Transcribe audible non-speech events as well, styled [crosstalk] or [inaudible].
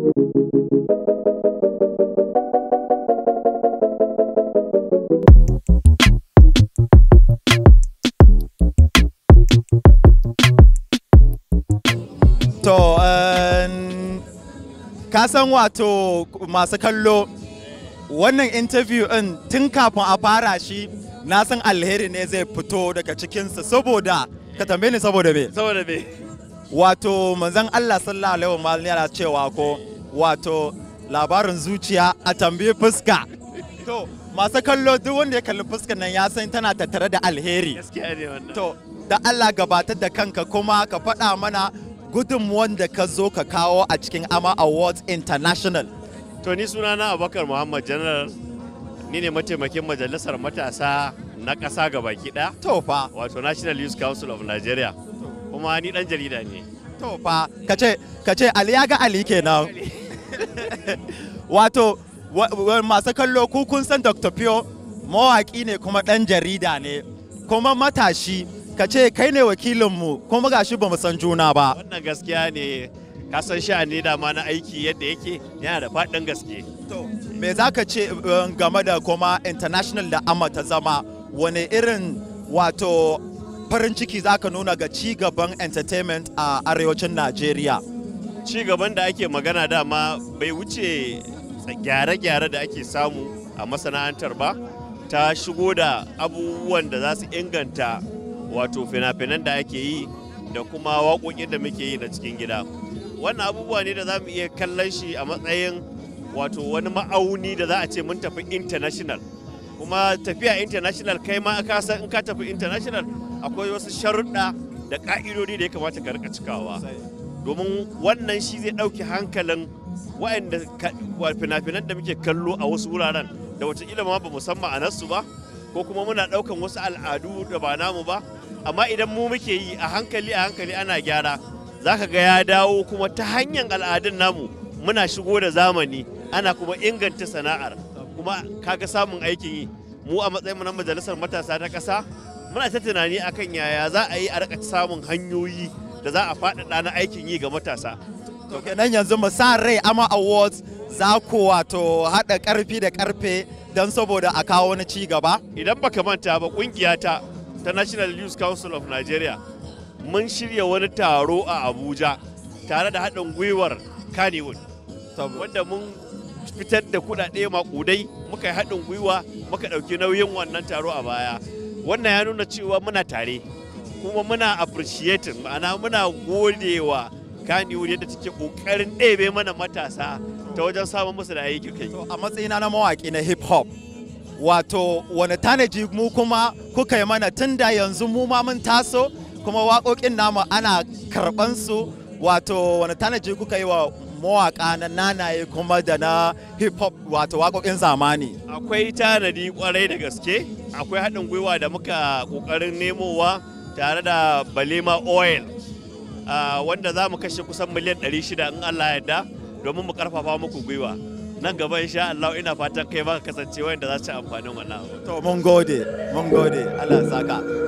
To, eh, ka san wato masu kallo wannan interview ɗin tun kafin a fara shi na san alheri ne zai fito daga cikinsa saboda ka tambaye ni saboda me saboda me wato manzon Allah sallallahu alaihi sallam yana cewa ko wato labarin zuciya a tambayi fuska to masu kallo duk wanda ya kalli fuskar nan ya san tana tattare da alheri to da Allah gabatar da kanka kuma ka faɗa mana gudunmuwan da ka zo ka kawo a cikin ama awards international to ni sunana abubakar muhammad general ni ne mataimakin majalisar matasa na ƙasa gabaki ɗaya to fa wato national youth council of nigeria kuma ni ɗan jarida ne to fa ka ce ali ya ga ali kenan [laughs] wato masu kallo ku kun san dr pio mawaƙi ne kuma ɗan jarida ne kuma matashi ka ce kai ne wakilinmu kuma gashi ba mu san juna ba wannan gaskiya ne ka san sha ne dama na aiki yadda yake yana da faɗin gaske to me za ka ce eh, game da kuma international da amma ta zama wani irin wato farin ciki za ka nuna ga ci gaban entertainment a arewacin najeriya ci gaban da ake magana dama bai wuce gyare-gyare da ake samu a masana'antar ba ta shigo da abubuwan da za su inganta wato fina-finan da ake yi da kuma waƙoƙin da muke yi na cikin gida wannan abubuwa ne da za mu iya kallon shi a matsayin wato wani ma'auni da za a ce mun tafi international kuma tafiya international kai ma ka san in ka tafi international akwai wasu sharuɗa da ƙa'idodi da ya kamata ka rika cikawa domin wannan shi zai ɗauki hankalin waɗanda fina-finan da muke kallo a wasu wuraren da wataƙila ma ba musamman a nasu ba ko kuma muna ɗaukan wasu al'adu da ba namu ba amma idan mu muke yi a hankali a hankali ana gyara za ka ga ya dawo kuma ta hanyar al'adun namu muna shigo da zamani ana kuma inganta sana'ar kuma kaga samun aikin yi mu a matsayin na majalisar matasa ta ƙasa muna ta tunani akan yaya za a yi a samun hanyoyi da za a faɗaɗa na aikin yi ga matasa to kenan yanzu mu sa rai ama awards za ku wato haɗa ƙarfi da ƙarfe don saboda a kawo wani ci gaba idan baka manta ba ƙungiyata ta national Youth council of nigeria mun shirya wani taro a abuja tare da haɗin gwiwar kannywood wanda mun fitar da kuɗaɗe maƙudai muka yi haɗin gwiwa muka ɗauki nauyin wannan taro a baya wannan ya nuna cewa muna tare kuma muna appreciating ma'ana muna godewa Kannywood yadda take kokarin ɗebe mana matasa ta wajen samun musu da aiki kai. A matsayina na mawaƙi na hip hop wato wani tanaji mu kuma kuka yi mana tun da yanzu mu ma mun taso kuma waƙoƙin namu ana karɓan su wato wani tanaji kuka yi wa mawaka na nanaye kuma da na hip hop wato waƙoƙin zamani. Akwai tanadi kwarai da gaske akwai haɗin gwiwa da muka ƙoƙarin nemowa tare da balima oil wanda za mu kashe kusan miliyan 600 in allah yadda domin mu karfafa muku gwiwa nan gaba insha Allah ina fatan kai ba ka kasance wanda za su ci amfanin wannan to mun gode mun gode Allah saka